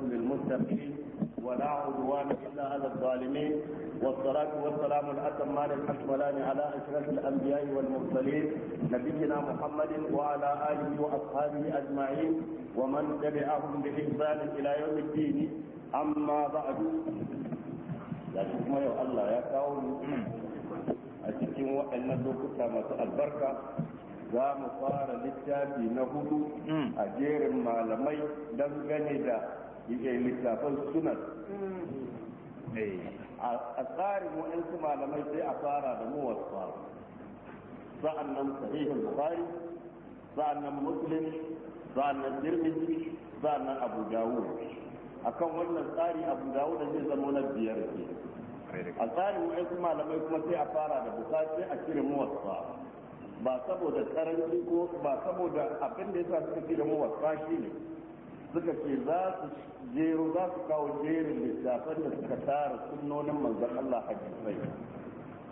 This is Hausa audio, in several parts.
للمتقين ولا عدوان الا على الظالمين والصلاه والسلام الاتمان الاكملان على اشرف الانبياء والمرسلين نبينا محمد وعلى اله واصحابه اجمعين ومن تبعهم باحسان الى يوم الدين اما بعد لكن ما الله يا كون أتكلم وأن اللوكتا ما البركة za mu fara littafi na hudu a jerin malamai don gane da littafan sunan mm. eh. a tsarin wa'ansu malamai sai a fara da mu muwassa sa'annan sahihin bukhari sa'annan muslim sa'annan tirmidhi nan abu dawo. A kan wannan tsari abu dawo dawud zai zama na biyar ke a tsarin wa'ansu malamai kuma sai a fara da bukhari sai a cire muwassa ba saboda karanci ko ba saboda abin da yasa suka cire muwassa shine ne suka ce za su jero za su kawo jerin littafan da suka tara sunnonin manzon Allah hadisai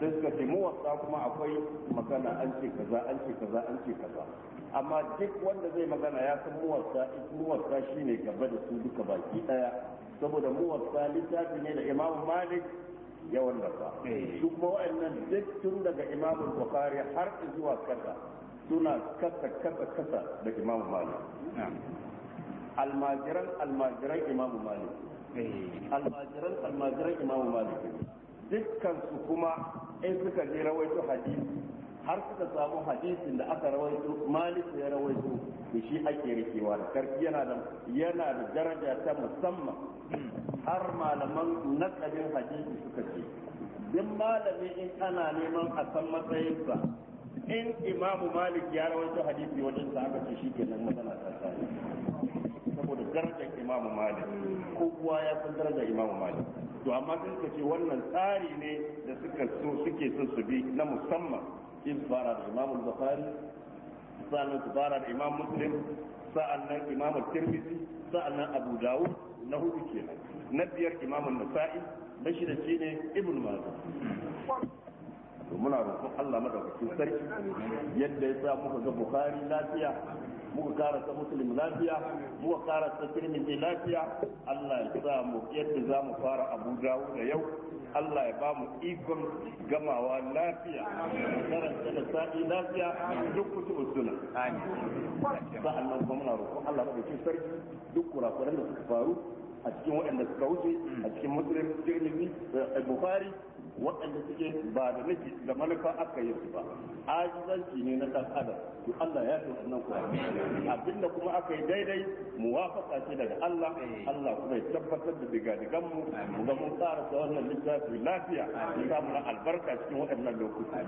sai suka ce muwassa kuma akwai magana an ce kaza an ce kaza an ce kaza amma duk wanda zai magana ya san muwassa muwassa shine gaba da su duka baki daya saboda muwassa littafi ne da Imam Malik ya wallafa eh. su kuma wa'annan duk tun daga Imam Bukhari har zuwa kasa suna kasa kasa kasa da Imam Malik almajiran almajiran imamu malik eh. almajiran almajiran imamu malik dukkan su kuma in suka je rawaito hadisi har suka samu hadisin da aka rawaito malik ya rawaito da shi ake rikewa da karfi yana da yana da daraja ta musamman hmm. har malaman nakadin hadisi suka ce duk malami in ana neman a san matsayinsa in imamu malik ya rawaito hadisi wajen sa aka ce shi nan matsala ta tsari darajar imamu malik kowa ya san darajar imamu malik to amma sai suka ce wannan tsari ne da suka so suke son su bi na musamman in fara da imamu bukhari sa'an su fara da imamu muslim sa'annan imamu tirmidhi sa'annan abu dawud na hudu kenan na biyar imamu nasa'i na shida ne ibn majah to muna roƙon Allah madaukakin sarki yadda ya sa muka ga bukhari lafiya muka karasa musulmi lafiya muka karasa tirmidhi lafiya Allah ya sa mu yadda za mu fara Abu Dawud da yau Allah ya ba mu ikon gamawa lafiya karanta da sa'i lafiya duk kutubu suna sa'an nan kuma muna Allah ba da sarki duk kurakuran da suka faru a cikin waɗanda suka wuce a cikin musulmi tirmidhi bukari waɗanda suke ba da nufi da manufa aka yi su ba ajizanci ne na ɗan adam to Allah ya fi wannan ku abinda kuma aka yi daidai muwafaka ce daga Allah eh. Allah kuma ya tabbatar da digadigan mu mu ga mun tsara da wannan littafi lafiya ya samu na albarka cikin waɗannan lokuta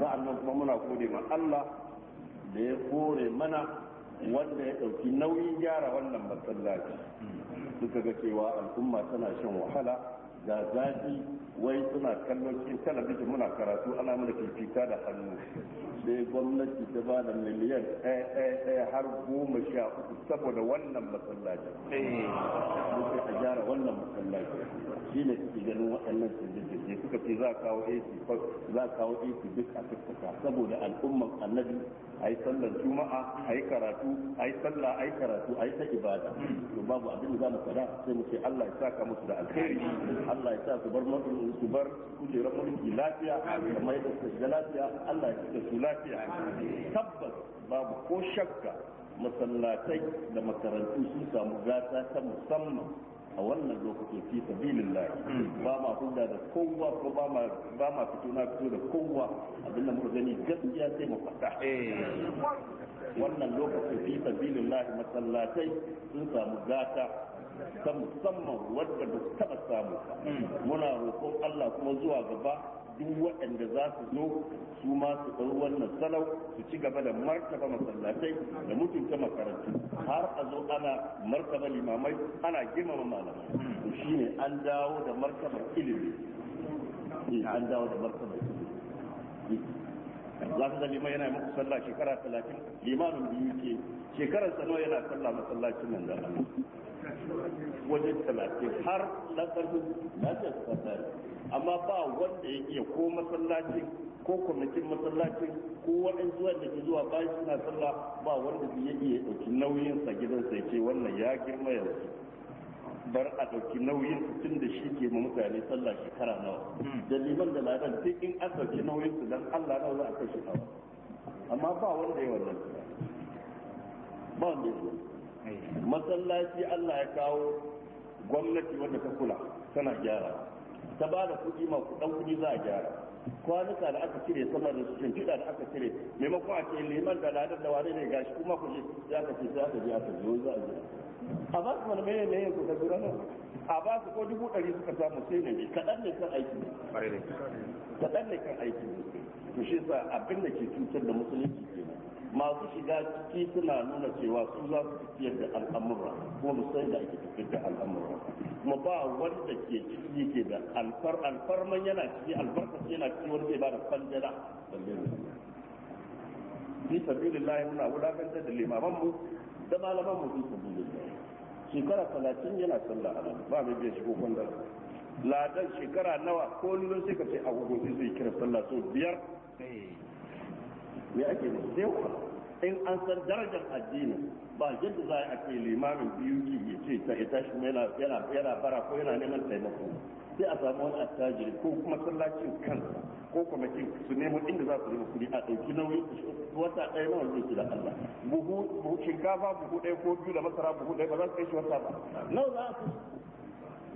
sa'annan kuma muna gode ma Allah da ya kore mana wanda ya ɗauki nauyin gyara wannan masallaci duka ga cewa al'umma tana shan wahala ga zafi wai suna kallon cikin talabijin muna karatu ana mana fifita da hannu sai gwamnati ta ba da miliyan ɗaya har goma sha uku saboda wannan masallaci sai a gyara wannan masallaci shi ne suke ganin waɗannan sirrin suka ce za a kawo ac za a kawo ac duk a tattaka saboda al'umman annabi a yi sallar juma'a a yi karatu a yi sallah a yi karatu a yi ta ibada to babu abin da za mu faɗa sai mu ce Allah ya saka musu da alheri Allah ya sa su bar mutum su bar kujerar mulki lafiya kamar mai da shiga lafiya Allah ya cika su lafiya tabbas babu ko shakka masallatai da makarantu sun samu gata ta musamman a wannan lokacin fi sabilillah hmm. ba ma hulda da kowa ko ba ma ba ma fito na fito da kowa abin da muka gani gaskiya sai mu faɗa eh. wannan lokacin fi sabilillah masallatai sun samu gata ta musamman wadda ba su taba samu muna roƙon Allah kuma zuwa gaba duk waɗanda za su zo su ma su ɗau wannan salau su ci gaba da martaba masallatai da mutunta makarantu har a zo ana martaba limamai ana girmama malamai shine an dawo da martaba ilimi eh, an dawo da martaba ilimi eh, za ka zalima yana muku sallah shekara talatin limanin biyu ke shekarar sano yana sallah masallacin nan da wajen talatin har na lafafin lafiyar fasari amma ba wanda ya iya ko masallacin ko kwamitin masallacin ko waɗansu wanda ke zuwa bayan suna sallah ba wanda ya iya ɗauki sa gidan sai ce wannan ya girma yanzu bar a ɗauki nauyin tun da shi ke ma mutane sallah shekara nawa hmm. da liman da ladan duk in an ɗauki nauyin su dan Allah nawa za a kai nawa amma ba wanda ya wannan ba wanda ya wannan masallaci Allah ya kawo gwamnati wanda ta kula tana gyara ta ba da kuɗi ma kuɗan kuɗi za a gyara kwanuka da aka cire sama da cikin fiɗa da aka cire maimakon a ce liman da ladar da wani ne gashi kuma ku ce ya ka ce za ka je aka je za a je a ba su wani mene ne ku ka jira nan a ba su ko dubu ɗari suka samu sai ne kaɗan ne kan aiki kaɗan ne kan aiki ku shi sa abin da ke cutar da musulunci masu shiga ciki suna nuna cewa su za su tafiyar da al'amura kuma mu da ake tafiyar da al'amura kuma ba wanda ke ciki ke da alfar man yana ciki albarkaci yana ciki wanda ba da fanjala fi sabilillahi muna wulakantar da limaman mu da malaman mu fi sabilillahi shekara talatin yana sallah a nan ba mai biya shigo kwandar ladan shekara nawa ko lulun sai ka ce a gugu zai kira sallah so biyar eh. me ake musu sai in an san darajar addini ba yadda za a ce limamin biyu ki ya ce ta ita shi yana yana yana bara ko yana neman taimako sai a samu wani attajiri ko kuma sallacin kan ko kin su nemo inda za su nemo kudi a dauki nauyi wata ɗaya nawa zai ci da Allah buhu shinkafa buhu ɗaya ko biyu da masara buhu ɗaya ba za su kai shi wata ba nawa za su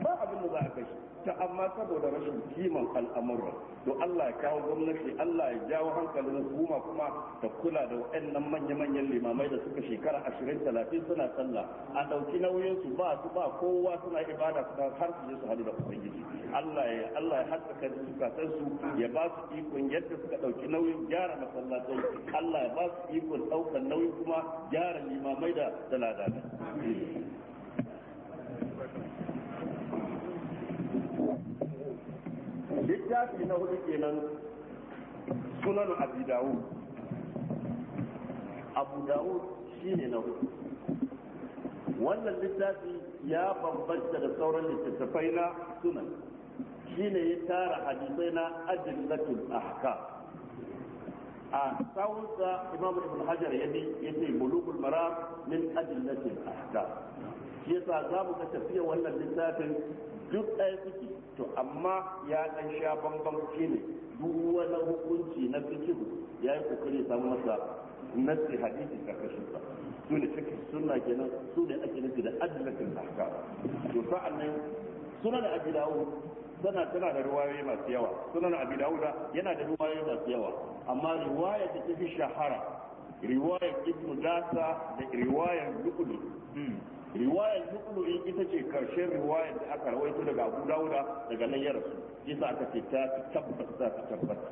ba abin da za a kai shi ta amma saboda rashin kiman al'amura to Allah ya kawo gwamnati Allah ya jawo hankalin hukuma kuma ta kula da waɗannan manya-manyan limamai da suka shekara ashirin talatin suna sallah a ɗauki nauyin su ba su ba kowa suna ibada suna har su je su hadu da ubangiji Allah ya Allah ya haskaka zukatan su ya ba su ikon yadda suka ɗauki nauyin gyara masallatai Allah ya ba su ikon ɗaukan nauyin kuma gyara limamai da da littafi na hudu kenan sunan Abu dawo abu shi ne na hudu wannan littafi ya bambanta da sauran littattafai na sunan shine ya tara hadisai na ajin ahkam a sawunsa imamu ibn hajar ya ce bulugul mara min ajin a haka. shi yasa za mu ga tafiya wannan littafin duk ɗaya suke to amma ya dan sha bambam ne duk wani hukunci na fikihu ya yi kokari samu masa nasi hadisi karkashin sa su ne fikin sunna kenan su ne ake nufi da adlatul ahkam to sa'an nan sunan abi dawud sana tana da ruwaye masu yawa sunan abi dawuda yana da ruwaye masu yawa amma riwaya ta fi shahara riwayar ibnu dasa da riwayar lukulu riwayar nuqlu'i ita ce karshen riwayar da aka rawaito daga Abu Dawuda daga nan ya rasu yasa aka ce ta tabbata ta tabbata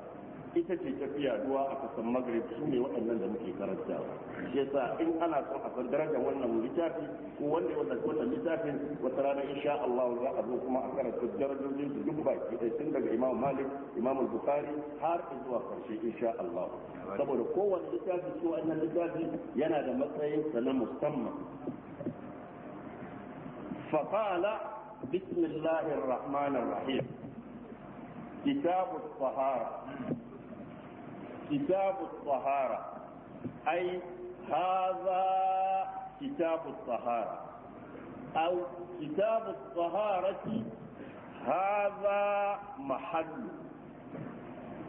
ita ce tafiya duwa a kasan maghrib su ne waɗannan da muke karantawa shi yasa in ana son a san darajar wannan littafi ko wanda ya wannan littafin wata rana insha Allah za a zo kuma a karanta darajojin su duk baki ɗaya tun daga Imam Malik Imam Bukhari har zuwa karshe insha Allah saboda kowanne littafi ko wannan littafi yana da matsayin sa na musamman فقال بسم الله الرحمن الرحيم كتاب الطهارة كتاب الطهارة أي هذا كتاب الطهارة أو كتاب الطهارة هذا محل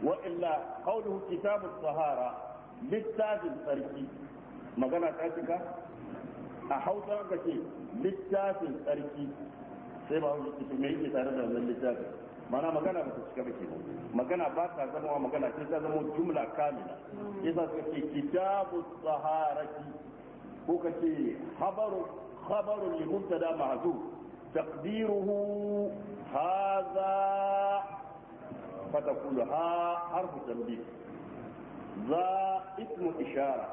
وإلا قوله كتاب الطهارة بالتاج الفرقي ما قالت cika a hausa littafin tsarki sai ba hausa cikin mai yake tare da wannan littafin mana magana ba ta cika ba ke magana ba ta zama wa magana sai ta zama jumla kamila yasa suka ce kitabu saharati ko ka ce habaru khabaru li mubtada mahzu taqdiruhu hadha فتقول ها حرف تنبيه ذا اسم إشارة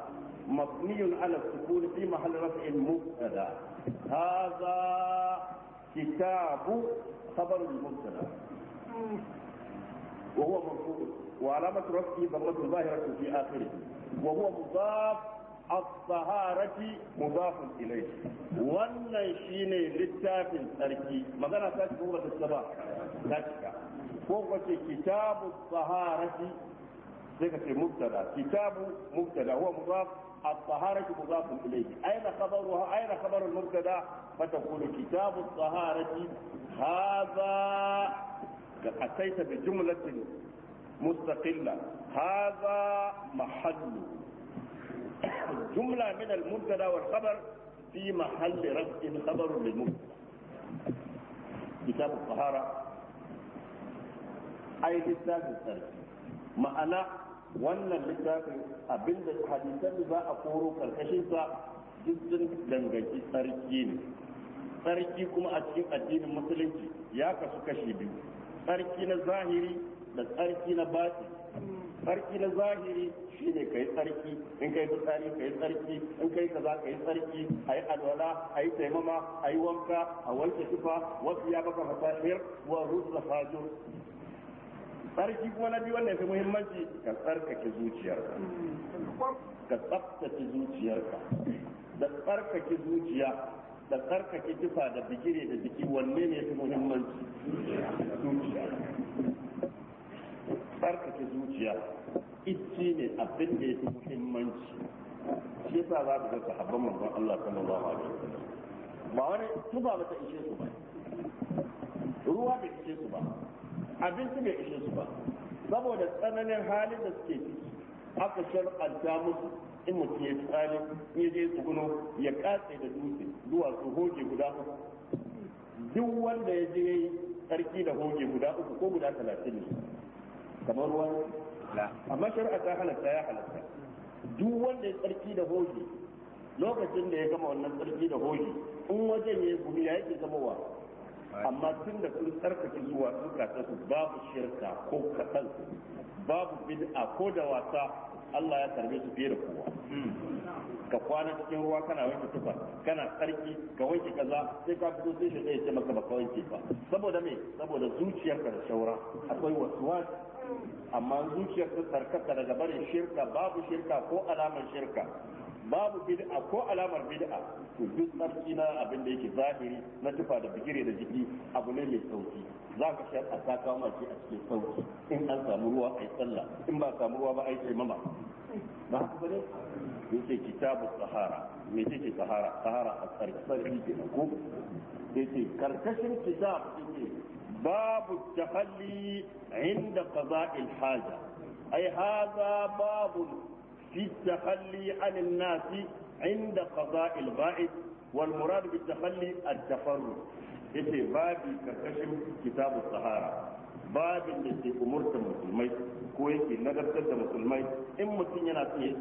مبني على السكون في محل رفع مبتدا هذا كتاب خبر المبتدا وهو مرفوع وعلامة رفعه ضمة ظاهرة في آخره وهو مضاف الطهارة مضاف إليه wannan shine littafin tsarki magana ta ci kuma ba ta cika ko wace kitabu tsaharati sai ka ce kitabu huwa الطهارة مضاف إليه أين خبرها أين خبر المبتدأ فتقول كتاب الطهارة هذا أتيت بجملة مستقلة هذا محل جملة من المبتدأ والخبر في محل رفع خبر للمبتدأ كتاب الطهارة أي لسان السلف معناه wannan littafin abinda hadisan da za a koro karkashinsa sa sun danganci tsarki ne tsarki kuma a cikin addinin musulunci ya kasu kashi biyu tsarki na zahiri da tsarki na batin tsarki na zahiri shine kai tsarki in kai fitsari kai tsarki in kai kaza kai tsarki ayi alwala ayi taimama ayi wanka a wanke tufa wasu ya baka fasahir wa rusla fajur tsarki kuma na biyu wannan ya fi muhimmanci ka tsarkake zuciyarka ka tsaftace zuciyarka da tsarkake zuciya da tsarkake kifa da bigire da jiki wanne ne fi muhimmanci zuciya tsarkake zuciya itti ne abin da ya fi muhimmanci shi yasa za ka ga sahabban manzon Allah sallallahu alaihi wasallam ba wani tuba ba ta ishe su ba ruwa bai ishe su ba abinci bai ishe su ba saboda tsananin halin da suke aka shar'anta musu in mutum ya tsari ya je tsuguno ya katse da dutse duwatsu hoge guda uku duk wanda ya je tsarki da hoge guda uku ko guda talatin ne kamar ruwa amma shari'a ta halatta ya halatta duk wanda ya tsarki da hoge lokacin da ya gama wannan tsarki da hoge in wajen ya gumi ya yake zama wa amma tun da sun tsarkake zuwa zukatan su babu shirka ko kaɗan babu bid'a ko da wasa Allah ya tarbe su fiye da kowa ka kwana cikin ruwa kana wanke tufa kana tsarki ka wanke kaza sai ka fito sai shi ya ce maka baka wanke ba saboda me saboda zuciyarka da shaura akwai waswasi amma zuciyar ta tsarkaka daga barin shirka babu shirka ko alamar shirka babu bid'a ko alamar bid'a to duk tsarki na abin da yake zahiri na tufa da bigire da jiki abu ne mai sauki za ka shi a ta kama shi a cikin sauki in an samu ruwa yi tsalla in ba samu ruwa ba a yi taimama ba haka bane yace kitabu sahara me yake sahara sahara a tsarki kenan ko yace karkashin kitab yake babu tahalli inda qada'il haja ai haza babu في التخلي عن الناس عند قضاء الغائب والمراد بالتخلي التفرد yace babu karkashin kitabu sahara babin da ke umurta musulmai ko yake nagartar da musulmai in mutum yana son ya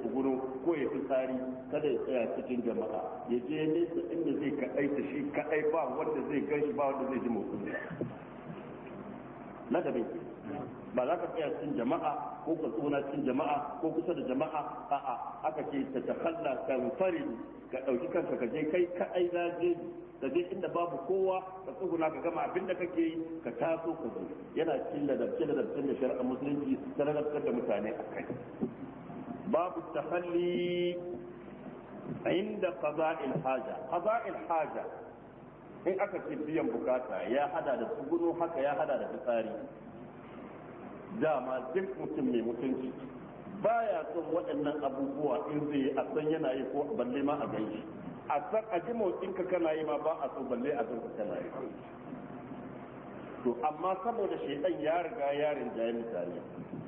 ko ya fi fitsari kada ya saya cikin jama'a ya je nesa inda zai kaɗai ta shi kaɗai ba wanda zai gan ba wanda zai ji motsin ladabin ba za ka tsaya cikin jama'a ko ka tsona cikin jama'a ko kusa da jama'a a'a aka ce ta ta tanfarid ka ɗauki kanka ka je kai ka kaɗai na je ka je inda babu kowa ka tsuguna ka gama abin da kake yi ka taso ka zo yana cikin da ladabcen da shari'a musulunci ta ladabtar da mutane a kai babu tahalli inda qaza'il haja qaza'il haja in aka ce biyan bukata ya hada da tsuguno haka ya hada da fitsari dama duk mutum mai mutunci baya son waɗannan abubuwa in zai a san yana yi ko balle ma a ganshi a san a ji motsin ka kana yi ma ba a so balle a ganka kana yi to amma saboda shaidan ya riga yarin ya mutane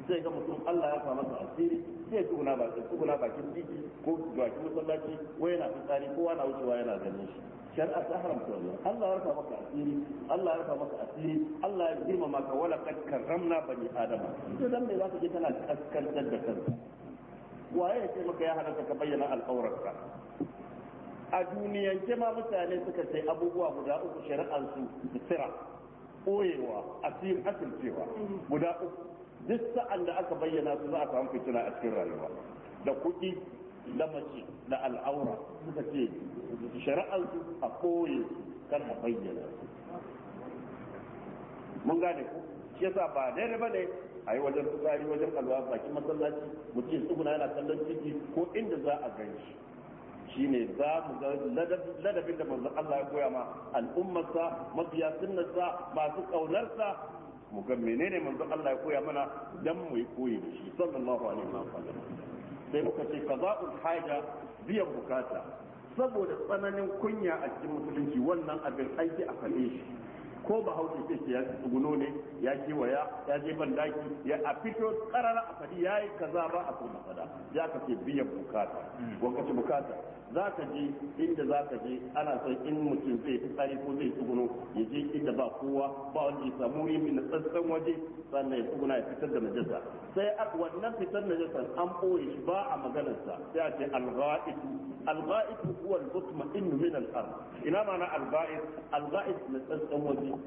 sai ga mutum Allah ya sa masa asiri sai tsuguna bakin tsuguna bakin titi ko bakin masallaci ko yana fitsari kowa na wucewa yana ganin shi shari'ar ta haramta wannan Allah ya rufa maka asiri Allah ya rufa maka asiri Allah ya girma maka wala kad karramna bani adama to dan me ka je kana kaskantar da kanka waye ya ce maka ya halarta ka bayyana al'aurarka a duniyance ma mutane suka sai abubuwa guda uku shari'ar su sira koyewa asir asircewa guda uku duk sa'an da aka bayyana su za a samu fitina a cikin rayuwa da kuɗi da mace da al'aura suka ce shari'ar su a koye kar a bayyana mun gane ku shi yasa ba daidai ba ne a yi wajen tsari wajen alwa bakin masallaci mutum tsuguna yana kallon ciki ko inda za a gan shi ne za mu ga ladabin da manzon Allah ya koya ma al'ummarsa mabiya sunnarsa masu kaunarsa mu ga menene manzon Allah ya koya mana dan mu yi koyi da shi sallallahu alaihi wa sallam sai muka ce qada'ul haja biyan bukata saboda tsananin kunya a cikin musulunci wannan abin aiki a faɗe shi ko ba hausa ce ya tsuguno ne ya waya, ya je ban daki ya a fito karara a fadi yayi kaza ba a kuma fada ya ka ce biyan bukata wakati bukata za ka je inda za ka je ana son in mutum zai fitsari ko zai tsuguno ya je inda ba kowa ba wanda ya samu rimi na tsantsan waje sannan ya tsuguna ya fitar da najasa sai a wannan fitar najasa an ɓoye shi ba a maganarsa sai a ce alga'itu alga'itu huwa al-mutma'innu min al-ard ina ma'ana al-ga'it al na tsantsan waje zo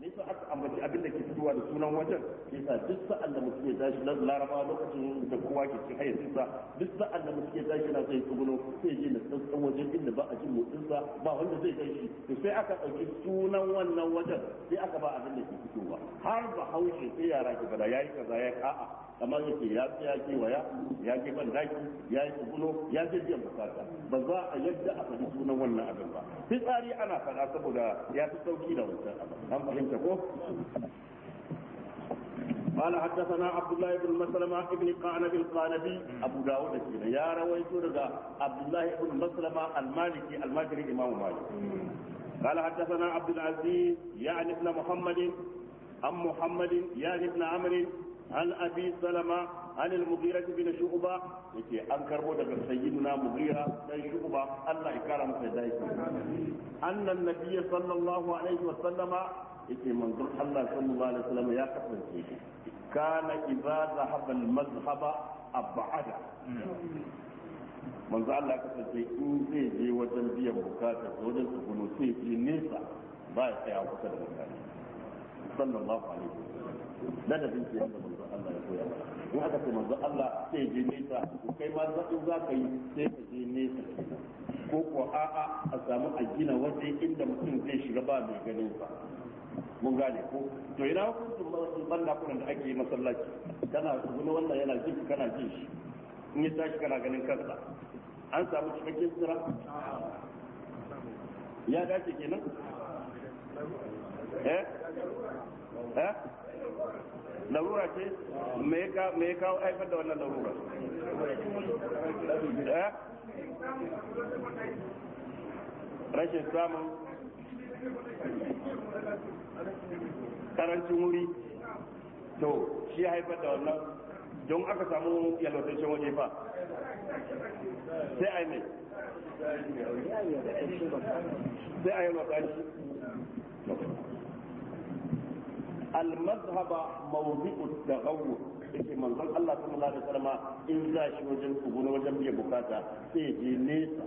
ne sa aka ambaci abin da ke fitowa da sunan wajen ke sa duk sa'an da mutum ya tashi na laraba lokacin da kowa ke cikin hayyacin sa duk sa'an da mutum ya tashi na sai tsuguno sai je da tsantsan wajen inda ba a jin motsin sa ba wanda zai kai shi to sai aka ɗauki sunan wannan wajen sai aka ba abin da ke fitowa har ba haushe sai yara ke bada yayi kaza ya a'a amma yake ya tsaya ke waya ya ke ban daki ya yi kubulo ya je biyan bukata ba za a yadda a faɗi sunan wannan abin ba fitsari ana faɗa saboda ya fi sauki da wancan abin an fahimta ko قال حدثنا عبد الله بن مسلمة بن قعنب القانبي أبو داود كنا يا رويت عبد الله بن مسلمة المالكي المجري إمام مالك قال حدثنا عبد العزيز يعني ابن محمد أم محمد يعني ابن عمرو al'abini salama anan mu biyar da ke bi an karbo daga sayidina mu biyar sayidina shukuba. Allah ya kar'a musa ya dawo aiki an sallallahu alaihi wa sallama ita mangan Allah sallu alaihi wa sallam ya kasance. ka na ibadaha ban mazhaɓa a ba'ada. mangan Allah ya kasance in fene wasan biyan buƙata sojan tukunan sai ya nefa ba ya saya kusa da mu Sannan sallallahu alaihi wasallam ladabin ke yadda manzo Allah ya koya in aka ce manzo Allah sai je nesa ko kai ma zaɓin za ka yi sai ka je nesa ko ko a'a a samu a gina waje inda mutum zai shiga ba mai ganin sa mun gane ko to ina hukuncin banda kunan da ake yi masallaci kana wani wannan yana jin kana jin shi in ya tashi kana ganin kansa an samu cikakken sira ya dace kenan eh eh larura ce me ka me kawo haifar da wannan larura eh rashin samun karancin wuri to shi haifar da wannan don aka samu yalwataccen waje fa sai a yi mai sai a yi المذهب موضع التغوط yake manzon Allah sallallahu alaihi wasallam in za shi wajen tsuguna wajen biya bukata sai je nesa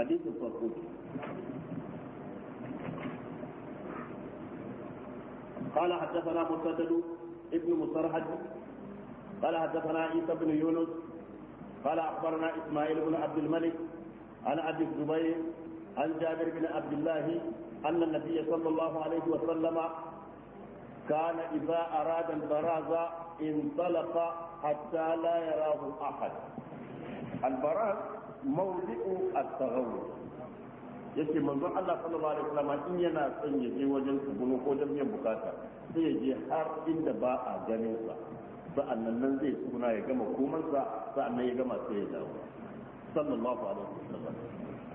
hadisin farko قال حدثنا مسدد ابن مسرحد قال حدثنا عيسى بن يونس قال اخبرنا اسماعيل بن عبد الملك عن ابي الزبير عن جابر بن عبد الله أن النبي صلى الله عليه وسلم كان إذا أراد البراز انطلق حتى لا يراه أحد البراز موضع التغول yake manzo Allah sallallahu alaihi wasallam in yana son ya je wajen tsuguno ko don biyan bukata sai ya je har inda ba a ganin sa sa'annan nan zai tsuguna ya gama komansa sa'annan ya gama sai ya dawo sallallahu alaihi wasallam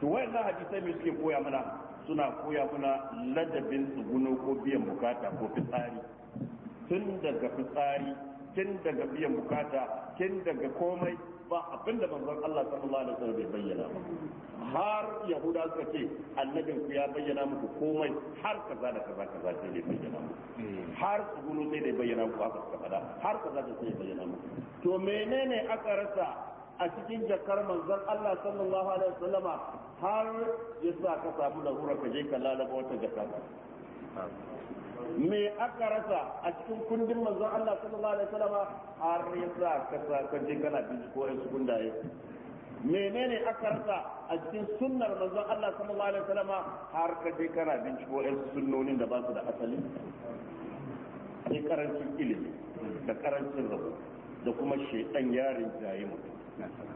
to wayannan hadisai me suke koya mana suna koya mana ladabin tsuguno ko biyan bukata ko fitsari tun daga fitsari tun daga biyan bukata tun daga komai ba abinda manzon Allah sallallahu alaihi wasallam bai bayyana ba har yahuda suka ce annabin ku ya bayyana muku komai har kaza da kaza kaza sai bai bayyana muku hmm. har tsuguno sai bai bayyana muku aka faɗa har kaza sai bai bayyana muku to menene aka rasa a cikin jakar manzon Allah sallallahu alaihi wasallama har ya sa ka samu hura ka je ka lalaba wata jaka me aka rasa a cikin kundin manzon Allah sallallahu alaihi wasallama har ya sa ka sa ka je kana binciko yan gundaye menene aka rasa a cikin sunnar manzon Allah sallallahu alaihi wasallama har ka je kana binciko yan sunnonin da ba su da asali sai karancin ilimi da karancin rabu da kuma shedan yarin jayi mutum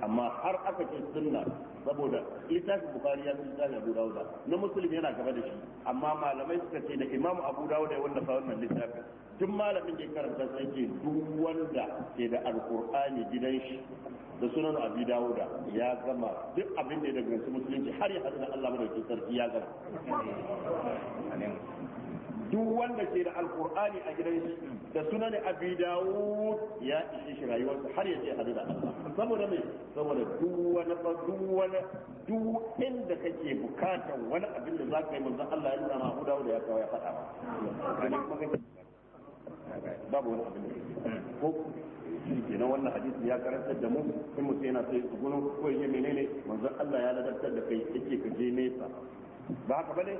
amma har aka ce sunna saboda littafin bukari ya fi littafin abu dawuda na musulmi yana gaba da shi amma malamai suka ce da imam abu dawuda ya wallafa wannan littafin duk malamin da ya karanta sai ke duk wanda ke da alkur'ani gidan shi da sunan abu dawuda ya gama duk abin da ya daga musulunci har ya hadu da allah madaukin sarki ya gama duk wanda ke da alkur'ani a gidan shi da sunan abi dawud ya ishe shi rayuwarsa har ya je hadu da Allah saboda mai saboda duk wani duk wani duk inda kake bukatar wani abin da zaka yi manzon Allah ya nuna ma Abu Dawud ya kawo ya faɗa ba babu wani abin da shi kenan wannan hadisi ya karantar da mu in mutum yana sai tsuguno ko ya menene manzon Allah ya ladabtar da kai yake ka je nesa ba haka bane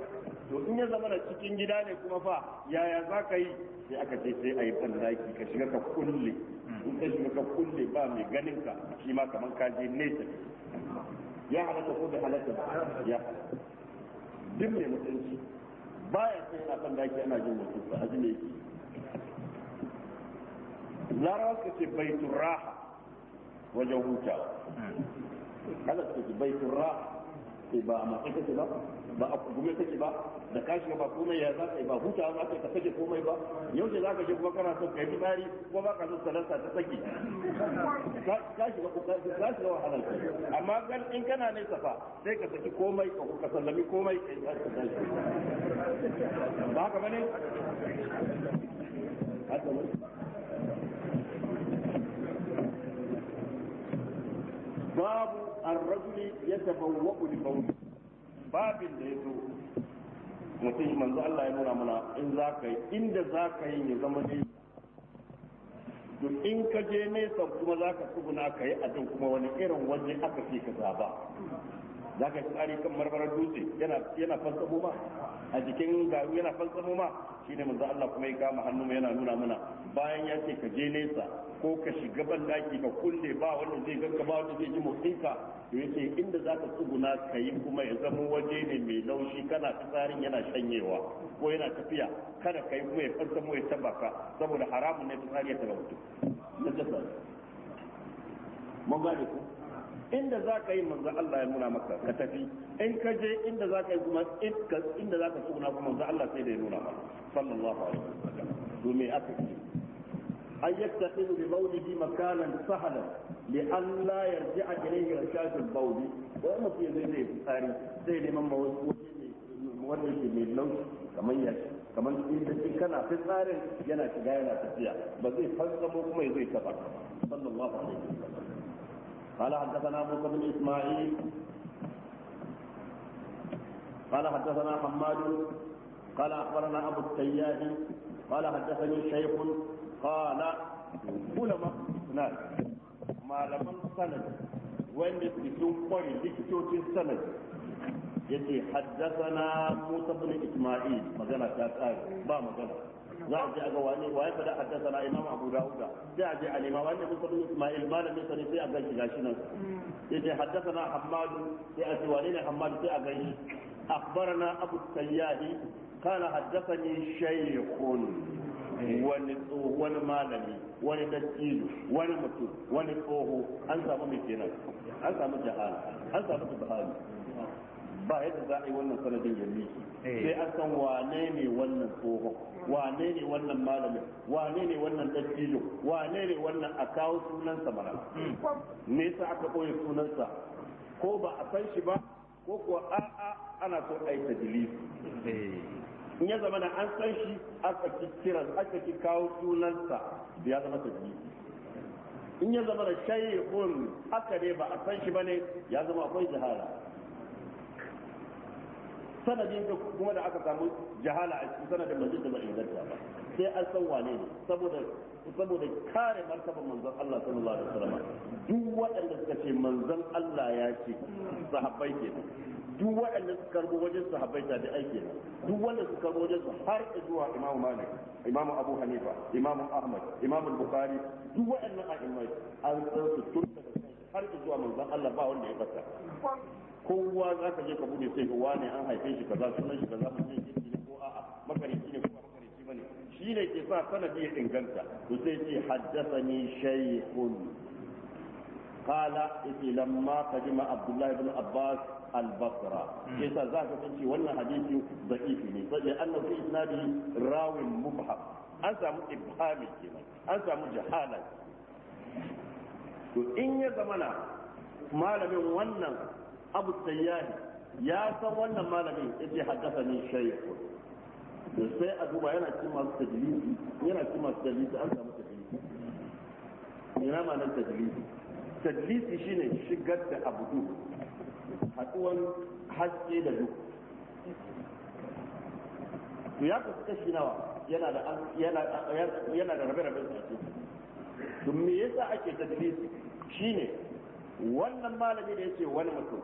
to in ya zama cikin gida ne kuma fa yaya za ka yi sai aka ce sai a yi banzaki ka shiga ka kulle in ka shiga ka kulle ba mai ganin ka shi ma kamar ka je nesa ya halatta ko bai halatta ba ya duk mai mutunci baya sai yana daki ana jin mutum ba aji ne larawa ka ce bai raha wajen hutawa hmm. Allah ka ce baitun raha ba a matsayin ba ba a gume kake ba da ka shiga ba komai ya za ka yi ba huta za ka yi ka sake komai ba yaushe za ka je kuma kana son ka yi bari kuma ba ka son salasa ta sake ka shiga ka shiga amma gan in kana ne safa sai ka saki komai ka ka sallami komai ka yi ba ka bane haka bane باب الرجل يتبوأ لقوله babin da ya zo mutum manzo Allah ya nuna mana in za ka yi inda za ka yi ya zama ne duk in ka je nesa kuma za ka tsuguna ka yi abin kuma wani irin waje aka fi ka zaba za ka yi tsari kan marmarar dutse yana fansamo ma a jikin garu yana fansamo ma shi ne manzo Allah kuma ya kama hannu yana nuna mana bayan ya ce ka je nesa ko ka shiga ban daki ka kulle ba wanda zai ganka ba wanda zai ji motsinka to ce inda ka tsuguna yi kuma ya zama waje ne mai laushi kana fitsarin yana shanyewa ko yana tafiya kada ka yi kuma ya fasa mu ya tabaka saboda haramun ne fitsari ya taba mutum ku inda za ka yi manzan Allah ya nuna maka ka tafi in ka je inda za ka yi kuma inda za ka tsuguna kuma manzan Allah sai da ya nuna maka sallallahu alaihi wasallam aka yi أن يتخذ لبوله مكانا سهلا لئلا يرجع إليه رشاش البول وأنا في ذي فاري زي من مولد من لوش كمان يشي kamar in kana في yana shiga yana tafiya ba zai fassamo kuma zai صلى الله عليه وسلم قال حدثنا موسى بن اسماعيل قال حدثنا حماد قال اخبرنا ابو التياح قال حدثني شيخ qala ulama na malaman sanad wanda su sun kwari likitocin sanad yace haddathana Musa bin Isma'il magana ta tsari ba magana za a je a ga wani waye fada haddathana Imam Abu Dawud sai a je a nema wani Musa bin Isma'il malamin sanad sai a ga shi gashi nan yace haddathana Hammad sai a ce wani ne Hammad sai a ga shi akhbarana Abu Sayyahi kana haddathani shaykhun wani wani malami wani dattijo wani mutum wani tsoho an samu mai kenan an samu jahala an samu jahala ba yadda za a yi wannan sanadin ya miki eh. sai an san wane ne wannan tsoho wane ne wannan malamin wane ne wannan dattijo wane ne wannan a kawo sunansa mara hmm. me yasa aka koya sunansa ko ba a san shi ba ko kuwa a'a ana so a yi tajilisi eh. in ya zama an san shi aka ki kiran aka ki kawo sunansa ya zama ji. in ya zama da shaykhun aka ne ba a san shi ba ne ya zama akwai jihara sanadin da kuma da aka samu jihala a cikin sanadin masjid da ba inganta ba sai an san wane ne saboda saboda kare martaban manzon Allah sallallahu alaihi wasallam duk waɗanda suka ce manzon Allah ya ce sahabbai kenan duk waɗanda su karbo wajen su habbai tabi aiki duk wanda su karbo wajen su har zuwa imamu malik imamu abu hanifa imamu ahmad imamu bukari duk waɗannan imai an san su tun daga har zuwa manzon Allah ba wanda ya fasa kowa za ka je ka bude sai ka wane an haife shi kaza sunan shi kaza mun yi ne ko a'a makarici ne ko makarici bane shi ne ke sa sanadi ya inganta to sai ce haddathani shaykhun قال إذ لما قدم عبد الله بن عباس البصرة إذا ذاك تنشي ولا حديث ضعيف لأنه في إسناده راو مبهم أنسى إبهامي كمان أنسى جهالة to in ya zamana malamin wannan abu sayyari ya san wannan malamin yace haddasa ni shaykhu to sai a duba yana cikin masu tajlisi yana cikin masu tajlisi an samu tajlisi ina ma nan tajlisi tajlisi shine shigar da abudu. haɗuwan haske da duk to ya kasu kashi nawa yana da yana da rabe-raben sace to me yasa ake tadlisi shine wannan malami da yake wani mutum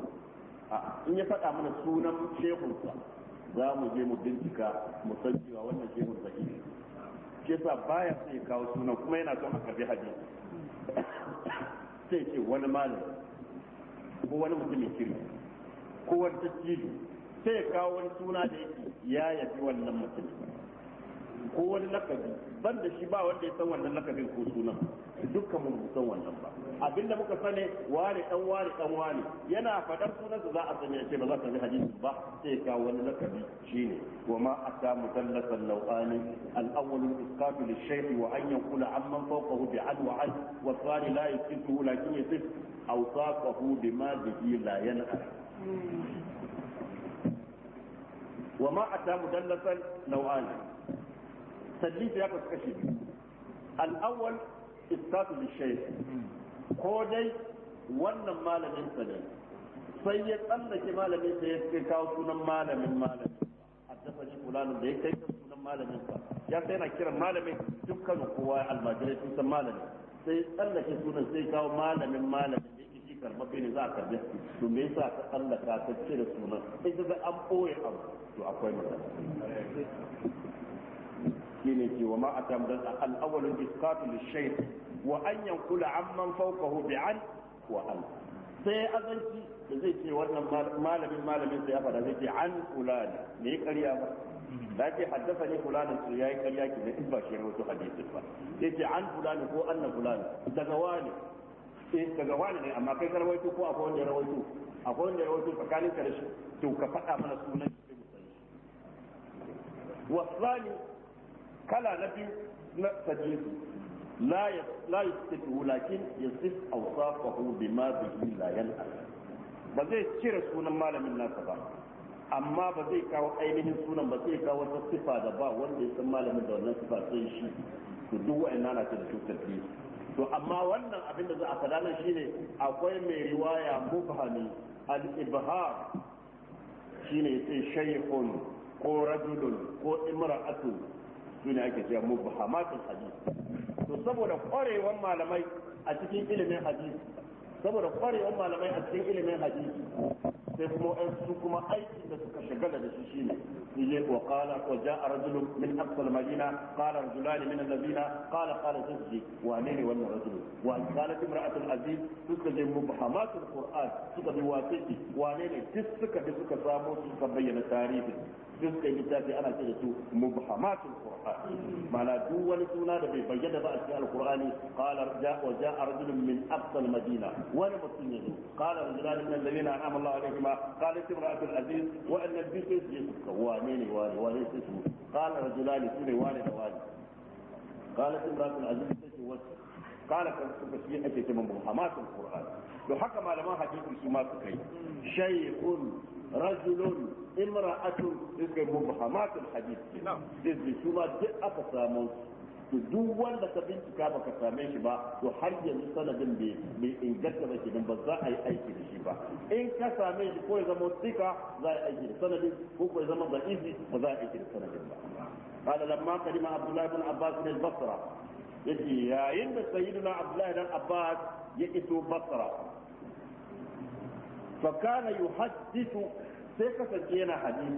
in ya faɗa mana sunan sa za mu je mu bincika mu san cewa wannan shehun sa ne ke sa baya sai kawo sunan kuma yana son a karbi hadisi sai ce wani malami ko wani mutumin kiri ko wani dattijo sai ya kawo wani suna da yake ya yabi wannan mutum ko wani lakabi ban shi ba wanda ya san wannan lakabin ko sunan dukkan mu san wannan ba abinda muka sani wani dan wani dan wani yana fadar sunan za a sani ce ba za ka ji hadisi ba sai ka wani lakabi shine wa ma ata mutallasan lawani al-awwal al-isqat lish-shaykh wa an yanqula amman fawqahu bi'ad wa ad wa thani la yusifu lakin yusif awsaqahu bima bihi la yan'a وما أتى مدلسا نوعان tadlis ya kasu kashi biyu al'awwal istatu lishai ko dai wannan malamin sa ne sai ya tsallake malamin sa ya kawo sunan malamin malamin a haddasa fulani da ya kai sunan malamin sa ya sai yana kiran malamin dukkan kowa ya almajirai sun san malamin sai tsallake sunan sai kawo malamin malamin da yake shi karɓaɓɓe ne za a karɓe su to me yasa ka tsallaka ta cire sunan sai ka an ɓoye abu to akwai matsala shine ke wa ma ata mudan al-awwalul isqatu lish-shaykh wa an yanqula amman fawqahu bi'an wa an sai azanci da zai ce wannan malamin malamin sai ya fada zai ce an fulani ne kariya ba da ke haddasa ne fulani su yayi kariya karya ki da ba shi rawato hadisi ba sai ce an fulani ko anna fulani daga wani sai eh, daga wani ne amma kai karwaito ko akwai wanda ya rawaito akwai wanda ya rawaito tsakanin ka da shi to ka faɗa mana sunan shi sai mu sani wasani kala na biyu na sajidu la yusifu lakin yusif awsafahu bima bihi la yan'al ba zai cire sunan malamin nasa ba amma ba zai kawo ainihin sunan ba zai kawo wata sifa da ba wanda ya san malamin da wannan sifa sai shi to duk wa'annan na ta da shi to amma wannan abin da za a faɗa nan shine akwai mai riwaya mubhami al-ibhar shine sai shaykhun ko rajulun ko imra'atun shine ake cewa mubhamatul hadith to saboda kwarewan malamai a cikin ilimin hadith saboda kwarewan malamai a cikin ilimin hadith sai kuma su kuma aiki da suka shagala da shi shine إليك وقال وجاء رجل من أقصى المدينة قال رجلان من الذين قال قال زوجي وأنني وأن رجل وأن قالت امرأة العزيز تسكت مبحمات القرآن تسكت واسيتي وأنني تسكة تسكة صامو تسكة بين تاريخ تسكة أنا تسكت مبهمات القرآن ما لا دول سنة بي بيّن بأسكي القرآن قال جاء وجاء رجل من أقصى المدينة وأنا مسلمين قال رجلان من الذين أعلم الله عليهما قالت امرأة العزيز وأن البيت يسكت وأنني wane ne wane wane sai su mutu qala su ne wane da wane qalat imratul aziz sai wasu qala kan suka shi ake cewa muhammadul qur'an to haka malaman hadisi su ma suka yi shaykhun rajulun imra'atun suka yi muhammadul hadisi sai su ma duk aka samu to duk wanda ka bincika baka same shi ba to har yanzu sanadin bai inganta ba kenan ba za a yi aiki da shi ba in ka same shi ko ya zama tsika za a yi aiki da sanadin ko ko ya zama za'izi ba za a yi aiki da sanadin ba قال لما قدم عبد الله بن عباس من البصرة يجي يا عند سيدنا عبد الله بن عباس يئتوا بصرة فكان يحدث سيكسا كينا حديث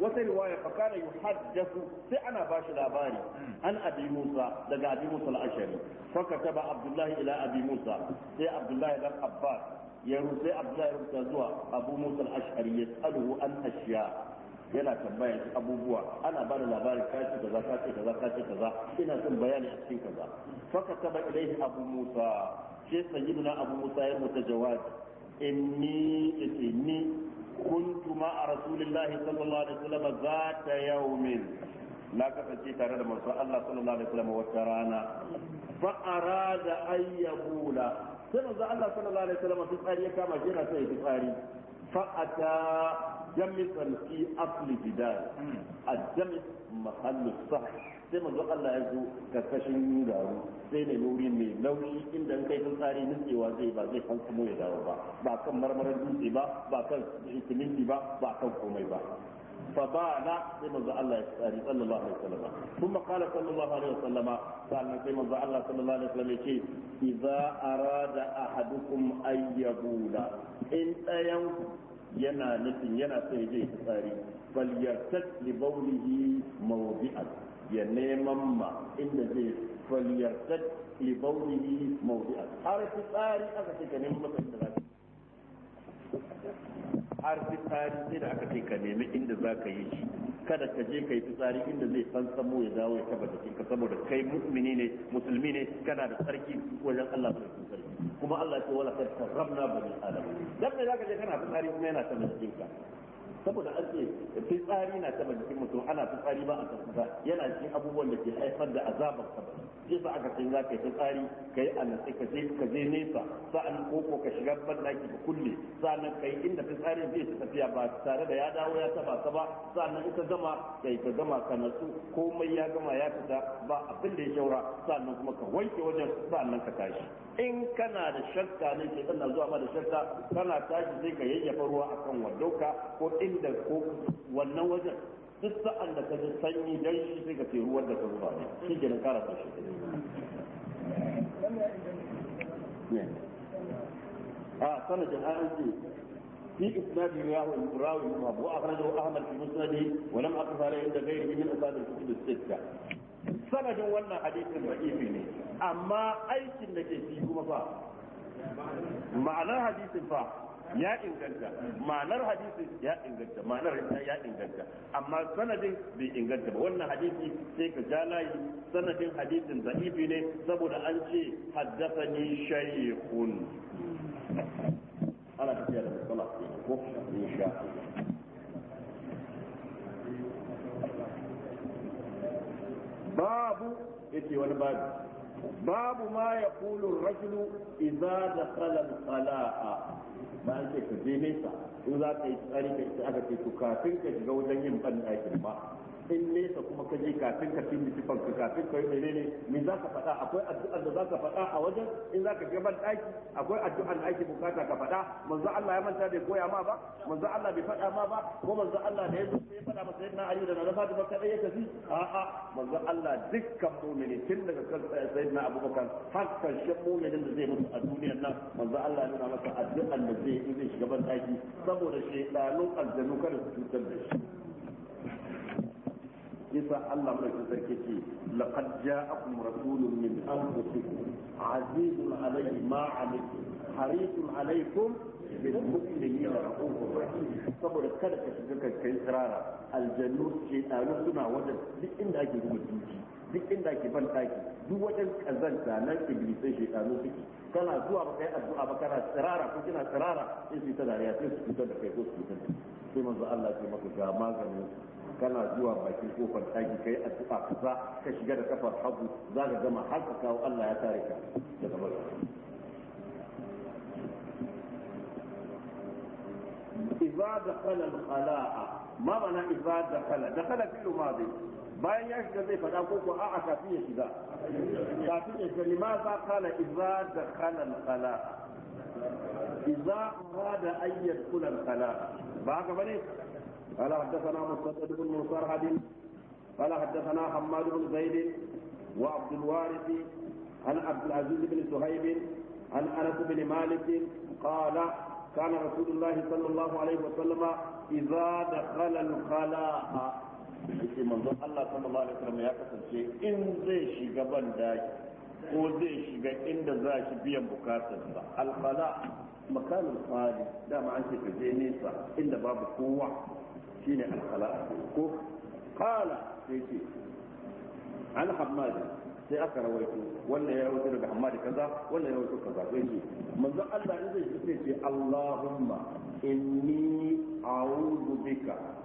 wata riwaya fa kana yuhaddathu sai ana bashi labari an abi Musa daga abi Musa al-Ashari fa kataba Abdullah ila abi Musa sai Abdullah dan Abbas ya rufe Abdullah ya rubuta zuwa Abu Musa al-Ashari yasaluhu an ashiya yana tambayar abubuwa ana ba da labarin kashi kaza kashi kaza kashi kaza ina son bayani a cikin kaza fa kataba ilaihi Abu Musa sai sayyidina Abu Musa ya rubuta jawabi inni inni كنت مع رسول الله صلى الله عليه وسلم ذات يوم لا كفتي ترى الله صلى الله عليه وسلم وترانا فأراد أن يقول sai manzo Allah sallallahu alaihi wasallam fitsari ya kama shi yana sai manzo Allah ya zo karkashin garu sai ne nuri mai nauyi inda kai sun tsari nutsewa zai ba zai san kuma ya dawo ba ba kan marmarar dutse ba ba kan ikiminti ba ba kan komai ba fa ba na sai manzo Allah ya tsari sallallahu alaihi wasallam kuma qala sallallahu alaihi wasallam sallan sai manzo Allah sallallahu alaihi wasallam yace idza arada ahadukum ayyabula in dayan yana nufin yana sai je tsari bal yartat li bawlihi mawdi'at ya neman ma inda zai faliyarta libaunihi mawdi'a har fi tsari aka ce ka neman masa inda za ka har fi tsari sai da aka ce ka nemi inda za ka yi shi kada ka je ka yi fitsari inda zai san samu ya dawo ya taba ka saboda kai mu'mini ne musulmi ne kana da sarki wajen Allah sarki sarki kuma Allah ya ce wala kad karramna bani adam dan me zaka je kana fitsari kuma yana taba jikinka saboda an ce fitsari na saman jikin mutum ana fitsari ba a tsarkuka yana cikin abubuwan da ke haifar da azabar kabari sai sa aka sai za ka yi fitsari ka yi anasi ka je ka je nesa sa'an koko ka shiga ban daki ka kulle sa'an ka yi inda fitsarin zai ta tafiya ba tare da ya dawo ya taba ta ba sa'an ita gama kai ka gama ka natsu komai ya gama ya fita ba abin da ya shaura sa'an kuma ka wanke wajen sa'an ka tashi in kana da shakka ne ke zuwa ma da shakka kana tashi sai ka yayyafa ruwa akan wadauka ko in inda ko wannan wajen duk sa'an da ka ji sanyi dan shi sai ka ce ruwan da ka zuba ne shi ke kara ta shi a ah, sana jihar ce fi isnadi ya wa ibrahim ma bu akhrajahu ahmad bin musnad wa sanadin wannan ne amma aikin da ke fi kuma ba, ma'anar hadisin fa ya inganta ma'anar hadisin ya inganta ma'anar ya inganta amma sanadin bai inganta ba wannan hadisi sai ka ja layi sanadin hadisin da'ifi ne saboda an ce haddasani shaykhun ana tafiya da matsala ko kuma sha babu yake wani babu babu ma ya kulu rajulu idza dakhala al-qala'a ba ake ka je nesa in za ka yi tsari ka aka ce to kafin ka shiga wajen yin ban aikin ba in nesa kuma ka je kafin ka fi mutifan ka kafin ka yi menene me za ka faɗa akwai addu'a da za ka faɗa a wajen in za ka je ban ɗaki akwai addu'a da ake bukata ka faɗa manzo Allah ya manta bai koya ma ba manzo Allah bai faɗa ma ba ko manzo Allah da ya zo sai ya faɗa masa sayyidina Ali da na Fatima kada ya tafi a'a manzo Allah dukkan mu'mini tun daga kan sayyidina Abubakar har shi mu'minin da zai mutu a manzo Allah nuna masa addu'an da zai yi shiga ban daki saboda shi da shaytanu aljanu kada su cutar da shi yasa Allah mai sarki ce laqad ja'akum rasulun min anfusikum azizun alayhi ma alaykum harisun alaykum bil mu'minina rahimur rahim saboda kada ka shiga kai kai tsirara aljannu shaytanu suna wajen duk inda ake gudu duk inda ake ban daki duk wajen kazanta nan iblisai shekaru suke kana zuwa ba kai addu'a ba kana tsirara ko kina tsirara sai su ta dariya sai su fitar da kai ko su fitar da sai manzo Allah ya maka ga maganin kana zuwa bakin kofar taki kai addu'a kaza ka shiga da kafar hagu za ka gama har ka kawo Allah ya tare ka daga bari إذا دخل الخلاء ما معنى إذا دخل دخل فعل ماضي bayan ya shiga zai faɗa ko ko a'a kafin ya shiga kafin ya shiga limaza kala idza da kala kala idza arada an yadkhula kala ba haka bane قال حدثنا مسدد بن مصرحد قال حدثنا حماد بن زيد وعبد الوارث عن عبد العزيز بن سهيب عن انس بن مالك قال كان رسول الله صلى الله عليه وسلم اذا دخل الخلاء da ke manzon Allah sallallahu alaihi wasallam ya kasance in zai shiga ban daki ko zai shiga inda za shi biyan bukatar sa al-bala alqala makanin da ma an ce kaje nesa inda babu kowa shine al alqala ko qala sai ce an hammadi sai aka rawaito wannan ya rawaito daga hammadi kaza wannan ya rawaito kaza sai ce manzon Allah in zai sai ce Allahumma inni a'udhu bika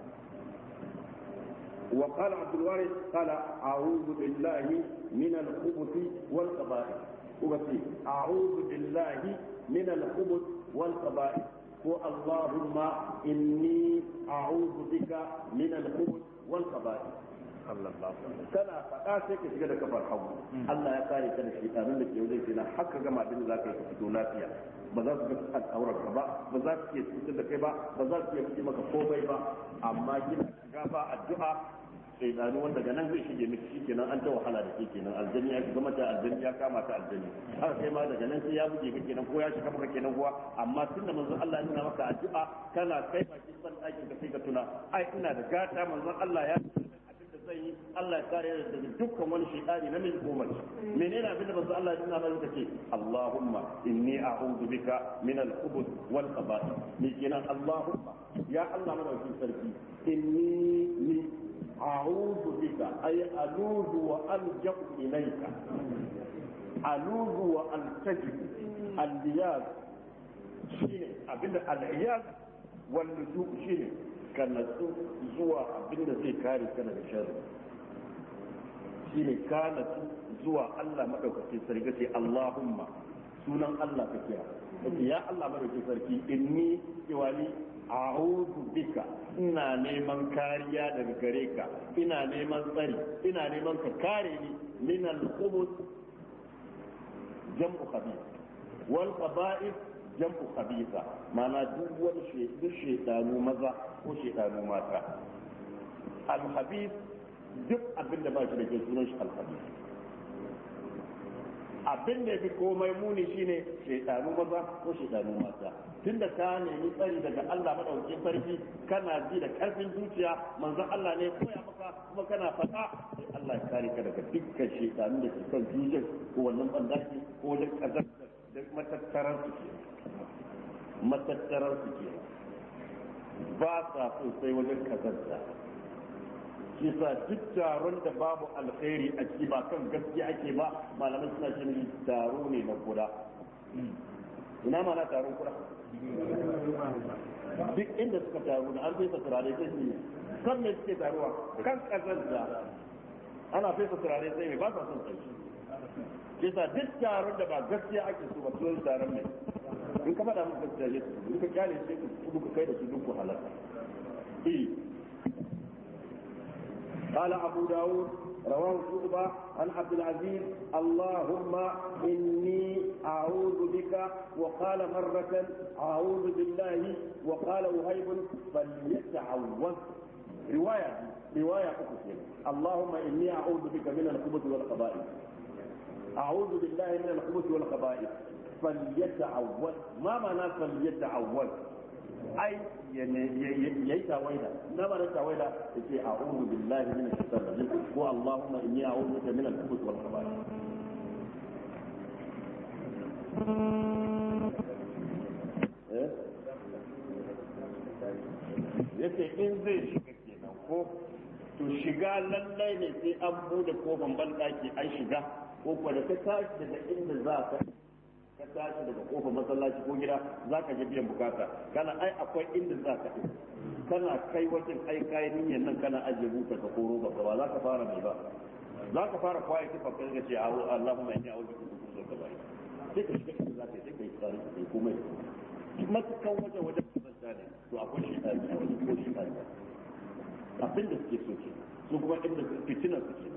وقال عبد الوارث قال أعوذ بالله من الخبث والقبائح خبثي أعوذ بالله من الخبث والقبائح اللهم إني أعوذ بك من الخبث والقبائح kana faɗa sai ka shiga da kafar hagu Allah ya kare ka da shekarun da ke wajen kenan har ka gama abin da za ka yi fito lafiya ba za su ga al'aurar ka ba ba za su ke cutar da kai ba ba za su ke fi maka komai ba amma gina shiga ba addu'a shaidanu wanda daga nan zai shige miki shi an ta wahala da ke kenan aljani ya shiga ta aljani ya kama ta aljani haka kai ma daga nan sai ya buge ka kenan ko ya shiga maka kenan kuwa amma tunda manzon Allah nuna maka addu'a kana kai baki ban ɗakin ka sai ka tuna ai ina da gata manzon Allah ya abin da zan yi Allah ya kare daga dukkan wani shaitani na min umar menene abin da manzon Allah ya nuna maka ce Allahumma inni a'udhu bika min al-khubuth wal khaba'ith ni kenan Allahumma ya Allah madaukakin sarki inni ni a'udhu bika ay aluzu wa alja'u ilayka aluzu wa altaji al-iyaz shine abinda al-iyaz wal nuju shine kanatsu zuwa abinda zai kare kana da sharri shine kanatsu zuwa Allah madaukakin sarki sai Allahumma sunan Allah kake ya Allah madaukakin sarki inni iwani a'udhu bika ina neman kariya daga gare ka ina neman tsari ina neman ka kare ni min al-khubuth jam'u khabith wal qaba'ith jam'u khabitha mana duk wani shaitanu maza ko shaidanu mata al-khabith duk abinda ba shi da ke sunan shi al-khabith abin da fi komai muni shine shaitanu maza ko shaitanu mata tunda ka nemi tsari daga Allah madaukakin sarki kana ji da karfin zuciya manzo Allah ne koya maka kuma kana fada sai Allah ya kare ka daga dukkan shaitanu da ke kan zuciyar ko wannan bandaki ko wajen kazar da matattaran su ke matattaran su ba sa so sai wajen kazar kisa sa duk taron da babu alkhairi a ciki ba kan gaskiya ake ba malamai suna shi taro ne na kura ina mana taron kura duk inda suka taro da an fesa turare sai ne kan me suke taruwa kan da ana fesa turare sai ne ba sa son sai kisa sa duk taron da ba gaskiya ake so ba tuwon taron ne in ka faɗa musu gaskiya ne in ka kyale sai ku kai da su duk ku halarta eh. قال أبو داود رواه شعبة عن عبد العزيز اللهم إني أعوذ بك وقال مرة أعوذ بالله وقال وهيب فليتعوذ رواية رواية أخرى اللهم إني أعوذ بك من الخبث والقبائل أعوذ بالله من الخبث والقبائل فليتعوذ ما معنى فليتعوذ ai ya yi tawaida na ba da tawaida ya ce a'udhu billahi min shaitan rajim ko allahumma inni a'udhu bika min al-khubuth wal khaba'ith eh? yace in zai shiga kenan ko to shiga lallai ne sai an bude kofan ban daki an shiga ko kuwa da ka tashi da inda za ka ka tashi daga kofar masallaci ko gida za ka je biyan bukata kana ai akwai inda za ka ɗin kana kai wajen ai kayan niyyar nan kana ajiye butar ka ko ba ba za ka fara mai ba za ka fara kwaye kifar kan ka ce Allahumma inni a'udhu bika min shururi ma sai ka shiga inda za ka yi sai ka yi tsari ka yi komai matukan wajen wajen kazanta ne to akwai shi ɗari a wajen ko shi ɗari abin da suke so ke su kuma inda fitinar suke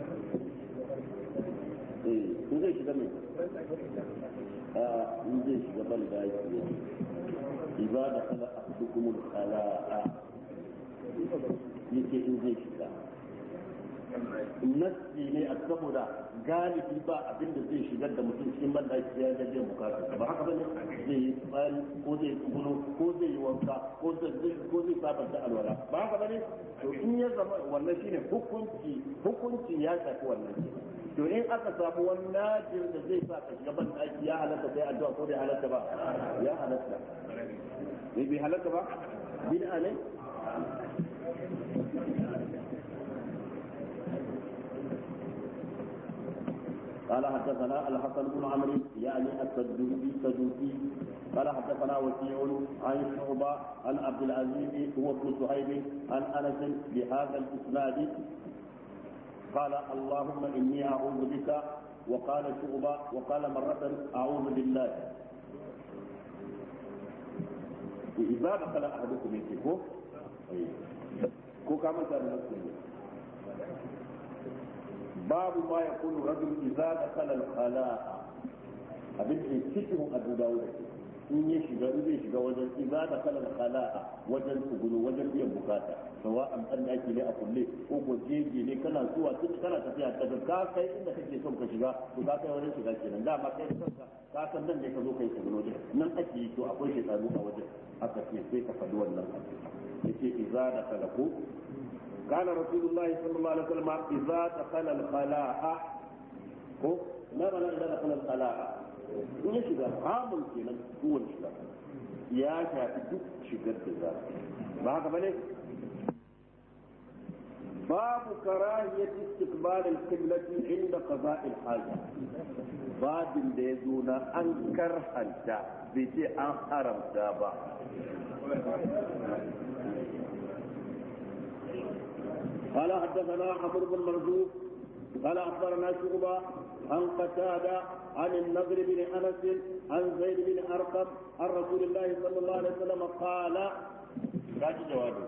eh ku zai shiga mai a in zai shiga ban da yake ne ibada kala ahdukumul khala'a yake in zai shiga nassi ne a saboda galibi ba abin da zai shigar da mutum cikin bandaki ya ga biyan bukatu ba haka bane zai yi tsari ko zai tsugulo ko zai yi wanka ko zai ko zai sabanta alwala ba haka ne to in ya zama wannan shine hukunci hukunci ya shafi wannan to in aka samu wani najin da zai sa ka shiga ban aiki ya halatta sai addu'a ko bai halatta ba ya halatta bai bai halatta ba bid'a ne قال حدثنا الحسن بن عمرو يعني السدوسي السدوسي قال حدثنا وكيع عن شعبه عن عبد العزيز هو ابن صهيب عن انس بهذا الاسناد قال اللهم إني أعوذ بك وقال شعبة وقال مرة أعوذ بالله إذا دخل أحدكم يتكو طيب. كو كما باب ما يقول الرجل إذا دخل الخلاء أبنتي كتب أبو داود in yi shiga in zai shiga wajen idza da kalan khala'a wajen tsuguru wajen biyan bukata sawa an dan daki ne a kulle ko ko jeje ne kana zuwa tun kana tafiya daga ka kai inda kake son ka shiga to ka kai wajen shiga kenan dama kai da kanka ka san nan ne ka zo kai tsuguru wajen nan ake yi to akwai tsaro a wajen haka ce sai ka faɗi wannan yace idza da kalaku قال رسول الله صلى الله عليه وسلم إذا دخل الخلاء نرى إذا kala khala'a in ya shiga haramun kenan kowane shiga ya shafi duk shigar da za ba haka bane babu karahiyar istiqbalin kiblati inda qaza'il haja babin da ya zo na an karhanta bai ce an haramta ba قال حدثنا عمرو بن مرزوق قال اخبرنا شعبه عن قتاده عن النضر بن انس عن زيد بن ارقم عن رسول الله صلى الله عليه وسلم قال كاجي جوابه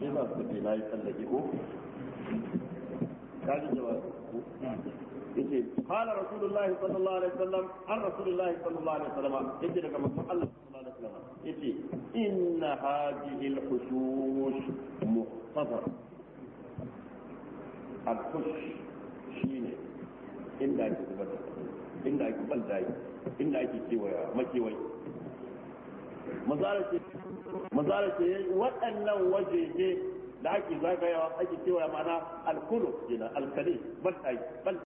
كيف أصدقي لا يتلقيه كاجي جوابه قال رسول الله صلى الله عليه وسلم عن رسول الله صلى الله عليه وسلم اجل كما الله صلى الله عليه وسلم إن هذه الحشوش مختصرة الحش shi ne inda ake zubar da inda ake yi inda ake kewaya makewai mazara ce waɗannan wajeje da ake zagayawa ake kewaya mana alkulu kenan alkali yi.